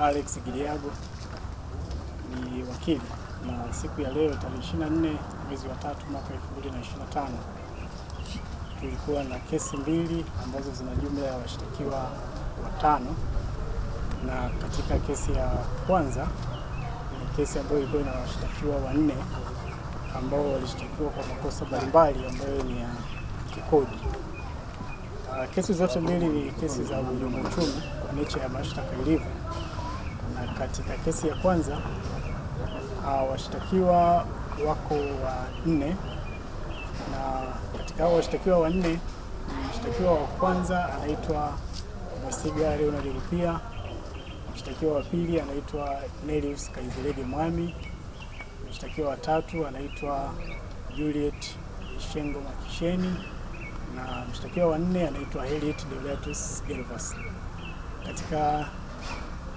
Alex Giliago ni wakili, na siku ya leo tarehe 24 mwezi wa tatu mwaka 2025 tulikuwa na kesi mbili ambazo zina jumla ya washtakiwa watano, na katika kesi ya kwanza ni kesi ambayo ilikuwa na washtakiwa wanne ambao walishtakiwa kwa makosa mbalimbali ambayo ni ya kikodi. Ah, kesi zote mbili ni kesi za uhujumu uchumi kwa nature ya mashtaka ilivyo, katika kesi ya kwanza ah, washtakiwa wako wanne, na katika hao washtakiwa wanne, mshtakiwa wa kwanza anaitwa Mwesiga Leonard Rupia, mshtakiwa wa pili anaitwa Nelius Kaizerege Mwami, mshtakiwa wa tatu anaitwa Juliet Shengo Makisheni na mshtakiwa wa nne anaitwa Heliet Deodatus Gervas. Katika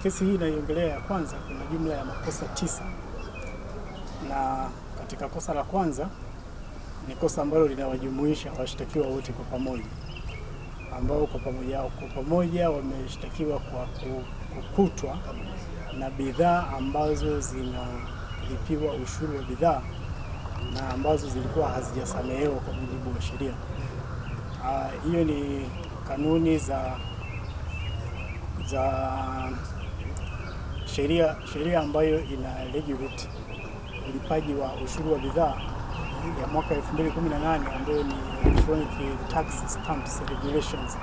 kesi hii inaiongelea ya kwanza, kuna jumla ya makosa tisa, na katika kosa la kwanza ni kosa ambalo linawajumuisha washtakiwa wote kwa pamoja, ambao kwa pamoja kwa pamoja wameshtakiwa kwa kukutwa na bidhaa ambazo zinalipiwa ushuru wa bidhaa na ambazo zilikuwa hazijasamehewa kwa mujibu wa sheria. Ah, hiyo ni kanuni za za sheria sheria ambayo ina regulate ulipaji wa ushuru wa bidhaa ya mwaka 2018 ambayo ni Electronic Tax Stamps Regulations.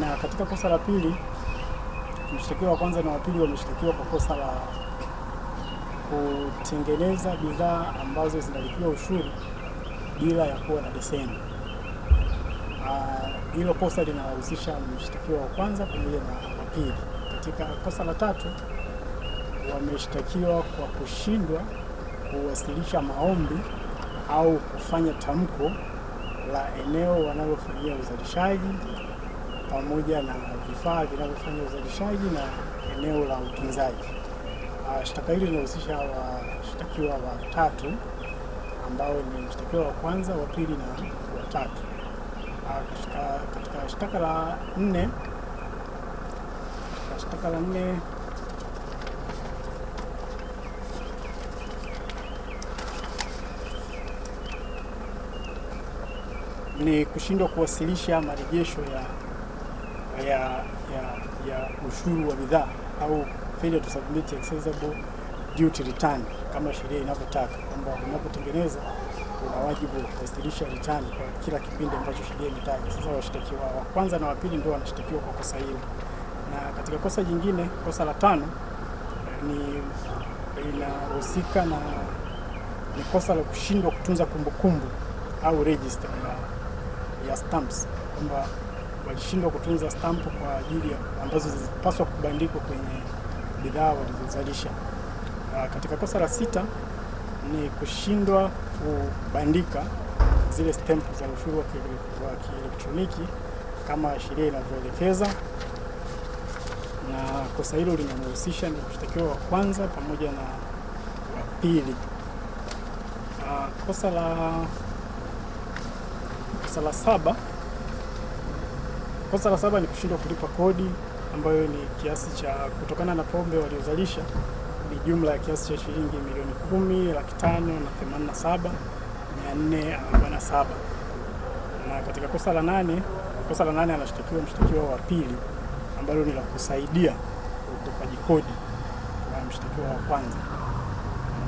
Na katika kosa la pili, mshtakiwa wa kwanza na wa pili wameshtakiwa kwa kosa la kutengeneza bidhaa ambazo zinalipiwa ushuru bila ya kuwa na leseni. Ah, hilo uh, kosa linahusisha mshtakiwa wa kwanza pamoja na wa pili. Katika kosa la tatu wameshtakiwa kwa kushindwa kuwasilisha maombi au kufanya tamko la eneo wanalofanyia uzalishaji pamoja na vifaa vinavyofanya uzalishaji na eneo la utunzaji. Ah, shtaka hili linahusisha washtakiwa watatu ambao ni mshtakiwa wa kwanza, wa pili na watatu. Ah, katika shtaka la nne, katika shtaka la nne ni kushindwa kuwasilisha marejesho ya, ya, ya, ya ushuru wa bidhaa au failure to submit accessible duty return kama sheria inavyotaka kwamba unapotengeneza una wajibu wa kuwasilisha return kwa kila kipindi ambacho sheria imetaja. Sasa washtakiwa wa kwanza na wa pili ndio wanashtakiwa kwa kosa hilo, na katika kosa jingine, kosa la tano eh, ni inahusika na ni kosa la kushindwa kutunza kumbukumbu au register ya stamps kwamba walishindwa kutunza stamp kwa ajili ambazo zilipaswa kubandikwa kwenye bidhaa walizozalisha. Ah, katika kosa la sita ni kushindwa kubandika zile stamp za ushuru wa kielektroniki kama sheria inavyoelekeza, na kosa hilo linamhusisha ni mshtakiwa wa kwanza pamoja na wa pili. Ah, kosa la Kosa la saba, kosa la saba ni kushindwa kulipa kodi ambayo ni kiasi cha kutokana na pombe waliozalisha ni jumla ya kiasi cha shilingi milioni kumi laki tano na themanini na saba mia nne arobaini na saba. Na katika kosa la nane, kosa la nane anashtakiwa mshtakiwa wa pili ambalo ni la kusaidia ukopaji kodi na mshtakiwa wa kwanza,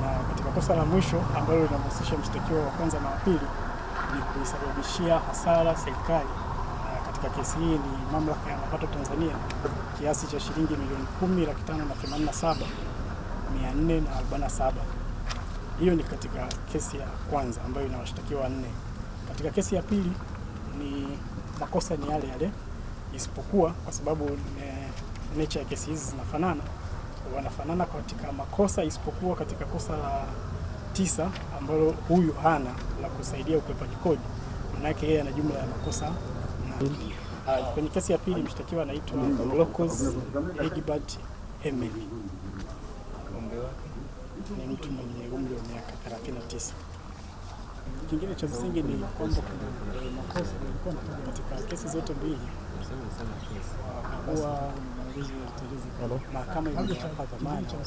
na katika kosa la mwisho ambalo linamhusisha mshtakiwa wa kwanza na wa pili ni kuisababishia hasara serikali. Ah, katika kesi hii ni mamlaka ya mapato Tanzania kiasi cha shilingi milioni kumi laki tano na themanini na saba mia nne na arobaini na saba. Hiyo ni katika kesi ya kwanza ambayo ina washtakiwa nne. Katika kesi ya pili ni makosa ni yale yale, isipokuwa kwa sababu eh, nature ya kesi hizi zinafanana, wanafanana katika makosa, isipokuwa katika kosa la tisa ambalo huyu hana la kusaidia ukwepaji kodi, manake yeye ana jumla ya makosa na Uh, kwenye kesi ya pili mshtakiwa anaitwa Mlokozi Egbert Emily, ni mtu mwenye umri wa miaka 39. Kingine cha msingi ni kwamba eh, makosa yalikuwa natoka katika kesi zote mbili, kuwa mahakama imewapa dhamana vya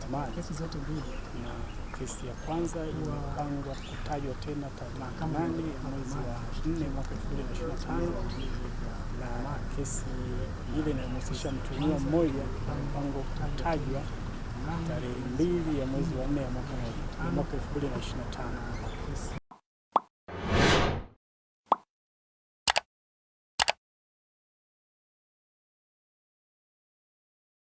dhamana. Kesi zote mbili na kesi ya kwanza imepangwa kutajwa tena tarehe mahakamani mwezi wa nne mwaka elfu mbili na ishirini na tano na kesi ile inayomhusisha mtuhumiwa mmoja imepangwa kutajwa tarehe mbili ya mwezi wa nne ya mwaka 2025.